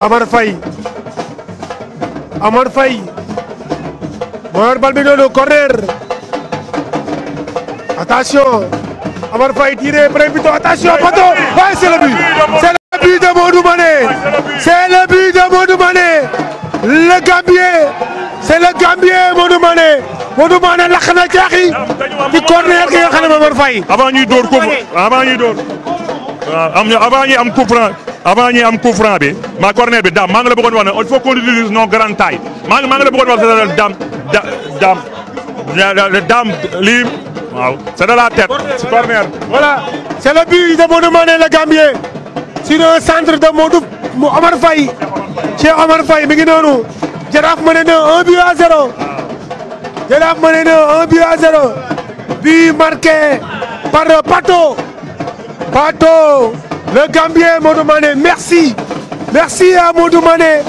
Amar Faye Amar Faye moo yor bi noonu corner attention Amar Faye tiré premier poteau attention poteau waaye c'est le but c'est le but de Modou Mané c'est le caaxi ci corner ki nga xam ne Amar Faye. avant ñuy door coup avant ñuy door am na avant ñuy am coup franc bi ma corner bi daam maa ngi la bëggoon wax ne il faut qu'on utilise nos grandes tailles maa ngi maa ngi la bëggoon wax c'est daam daam daam lii waaw c'est de la tête si corner voilà c'est le but de centre de Modou Omar Faye Cheikh Omar Faye mi ngi noonu Jaraaf mené na 1 but à 0 Jaraaf par Pato Pato Le Gambien Modou Mané, merci. Merci à Modou Mané.